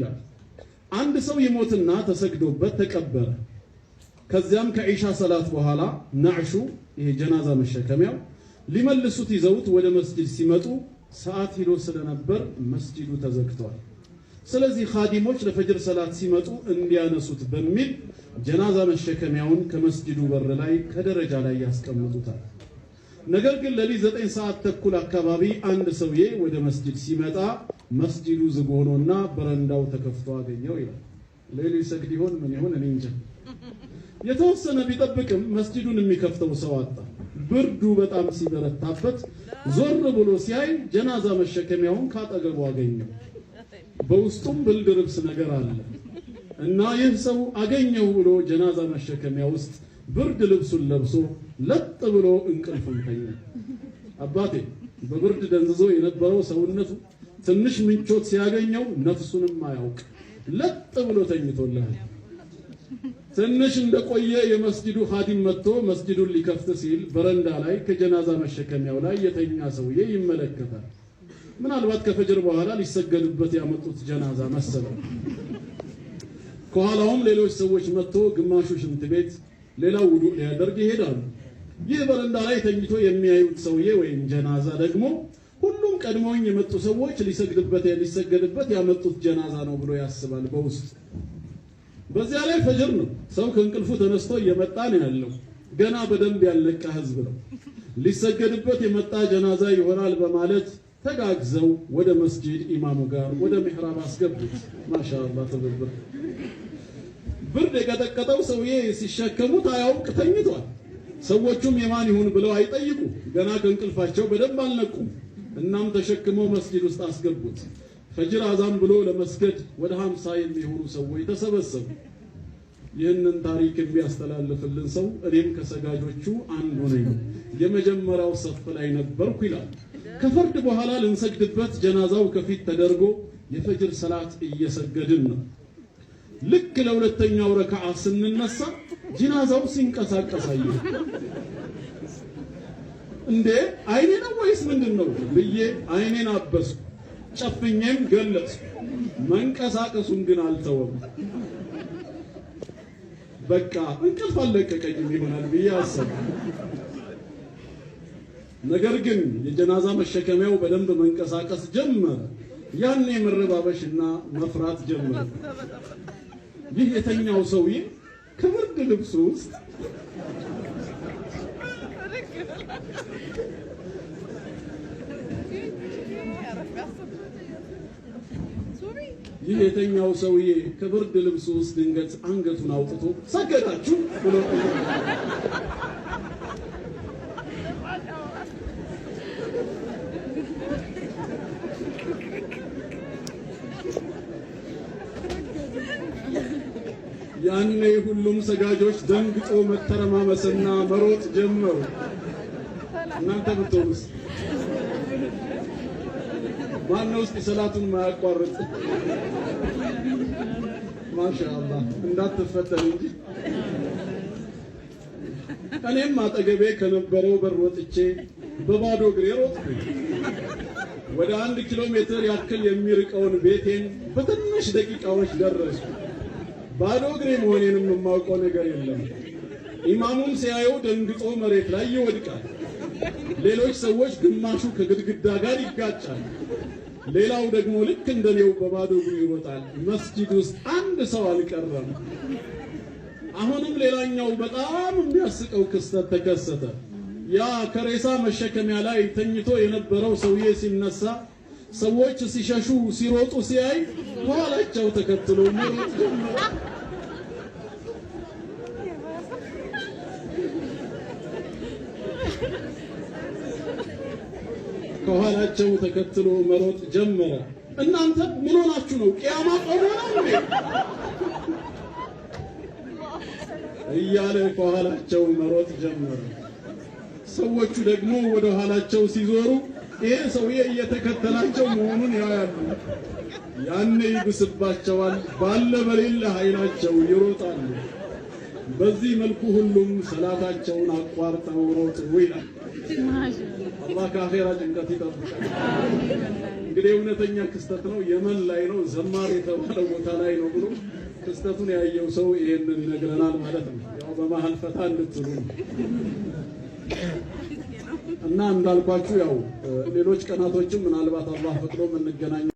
ይላል። አንድ ሰው ይሞትና ተሰግዶበት ተቀበረ። ከዚያም ከኢሻ ሰላት በኋላ ናዕሹ ይሄ ጀናዛ መሸከሚያው ሊመልሱት ይዘውት ወደ መስጂድ ሲመጡ ሰዓት ሂዶ ስለነበር መስጂዱ ተዘግቷል። ስለዚህ ኻዲሞች ለፈጅር ሰላት ሲመጡ እንዲያነሱት በሚል ጀናዛ መሸከሚያውን ከመስጂዱ በር ላይ ከደረጃ ላይ ያስቀምጡታል። ነገር ግን ለሊት ዘጠኝ ሰዓት ተኩል አካባቢ አንድ ሰውዬ ወደ መስጂድ ሲመጣ መስጂዱ ዝግ ሆኖና በረንዳው ተከፍቶ አገኘው ይላል። ሌሊ ሰግድ ይሆን ምን ይሆን እኔ እንጃ። የተወሰነ ቢጠብቅም መስጂዱን የሚከፍተው ሰው አጣ። ብርዱ በጣም ሲበረታበት ዞር ብሎ ሲያይ ጀናዛ መሸከሚያውን ካጠገቡ አገኘው። በውስጡም ብልድ ልብስ ነገር አለ እና ይህ ሰው አገኘው ብሎ ጀናዛ መሸከሚያ ውስጥ ብርድ ልብሱን ለብሶ ለጥ ብሎ እንቅልፉን ተኛ። አባቴ በብርድ ደንዝዞ የነበረው ሰውነቱ ትንሽ ምቾት ሲያገኘው ነፍሱንም አያውቅ ለጥ ብሎ ተኝቶልሃል። ትንሽ እንደቆየ የመስጂዱ ኻዲም መጥቶ መስጂዱን ሊከፍት ሲል በረንዳ ላይ ከጀናዛ መሸከሚያው ላይ የተኛ ሰውዬ ይመለከታል። ምናልባት ከፈጅር በኋላ ሊሰገዱበት ያመጡት ጀናዛ መሰለው። ከኋላውም ሌሎች ሰዎች መጥቶ ግማሹ ሽንት ቤት፣ ሌላው ውዱእ ሊያደርግ ይሄዳሉ። ይህ በረንዳ ላይ ተኝቶ የሚያዩት ሰውዬ ወይም ጀናዛ ደግሞ ሁሉም ቀድሞኝ የመጡ ሰዎች ሊሰግድበት ሊሰገድበት ያመጡት ጀናዛ ነው ብሎ ያስባል በውስጥ። በዚያ ላይ ፈጅር ነው። ሰው ከእንቅልፉ ተነስቶ እየመጣ ነው ያለው። ገና በደንብ ያልነቃ ህዝብ ነው። ሊሰገድበት የመጣ ጀናዛ ይሆናል በማለት ተጋግዘው ወደ መስጂድ ኢማሙ ጋር ወደ ምሕራብ አስገቡት። ማሻአላህ ትብብር። ብርድ የቀጠቀጠው ሰውዬ ሲሸከሙት አያውቅ ተኝቷል። ሰዎቹም የማን ይሁን ብለው አይጠይቁ። ገና ከእንቅልፋቸው በደንብ አልነቁም። እናም ተሸክመው መስጊድ ውስጥ አስገቡት። ፈጅር አዛን ብሎ ለመስገድ ወደ ሀምሳ የሚሆኑ ሰዎች ተሰበሰቡ። ይህንን ታሪክ የሚያስተላልፍልን ሰው እኔም ከሰጋጆቹ አንዱ ነኝ፣ የመጀመሪያው ሰፍ ላይ ነበርኩ ይላል። ከፈርድ በኋላ ልንሰግድበት ጀናዛው ከፊት ተደርጎ የፈጅር ሰላት እየሰገድን ነው። ልክ ለሁለተኛው ረከዓ ስንነሳ ጀናዛው ሲንቀሳቀሳየ እንዴ አይኔ ነው ወይስ ምንድን ነው ብዬ አይኔን አበስኩ፣ ጨፍኜም ገለጽ፣ መንቀሳቀሱን ግን አልተወም። በቃ እንቅልፍ አልለቀቀኝም ይሆናል ብዬ አሰብ። ነገር ግን የጀናዛ መሸከሚያው በደንብ መንቀሳቀስ ጀመረ። ያኔ እና መፍራት ጀመረ። ይህ የተኛው ሰውዬ ከምርድ ልብሱ ውስጥ ይህ የተኛው ሰውዬ ከብርድ ልብስ ውስጥ ድንገት አንገቱን አውጥቶ ሰገዳችሁ ብሎ ያኔ ሁሉም ሰጋጆች ደንግጦ መተረማመስና መሮጥ ጀመሩ። እናንተ ብትሆኑስ? ዋናው ውስጥ ሰላቱን ማያቋርጥ ማሻአላህ እንዳትፈተን እንጂ እኔም አጠገቤ ከነበረው በር ወጥቼ በባዶ እግሬ ሮጥኩ። ወደ አንድ ኪሎ ሜትር ያክል የሚርቀውን ቤቴን በትንሽ ደቂቃዎች ደረሱ። ባዶ እግሬ መሆኔንም የማውቀው ነገር የለም። ኢማሙም ሲያየው ደንግጦ መሬት ላይ ይወድቃል። ሌሎች ሰዎች ግማሹ ከግድግዳ ጋር ይጋጫል፣ ሌላው ደግሞ ልክ እንደኔው በባዶ እግሩ ይወጣል። መስጂድ ውስጥ አንድ ሰው አልቀረም። አሁንም ሌላኛው በጣም የሚያስቀው ክስተት ተከሰተ። ያ ከሬሳ መሸከሚያ ላይ ተኝቶ የነበረው ሰውዬ ሲነሳ ሰዎች ሲሸሹ ሲሮጡ ሲያይ ኋላቸው ተከትሎ ከኋላቸው ተከትሎ መሮጥ ጀመረ። እናንተ ምን ሆናችሁ ነው? ቅያማ ቆሞናል እያለ ከኋላቸው መሮጥ ጀመረ። ሰዎቹ ደግሞ ወደ ኋላቸው ሲዞሩ ይሄ ሰውዬ እየተከተላቸው መሆኑን ያያሉ። ያኔ ይብስባቸዋል። ባለ በሌለ ኃይላቸው ይሮጣሉ። በዚህ መልኩ ሁሉም ሰላታቸውን አቋርጠው ሮጡ ይላል። አላህ ከአኼራ ጭንቀት ይጠብቃል። እንግዲህ እውነተኛ ክስተት ነው፣ የመን ላይ ነው፣ ዘማር የተባለው ቦታ ላይ ነው ብሎ ክስተቱን ያየው ሰው ይሄንን ነግረናል ማለት ነው። ያው በመሀል ፈታ እንድትሉ እና እንዳልኳችሁ ያው ሌሎች ቀናቶችም ምናልባት አላህ ፈቅዶ የምንገናኘው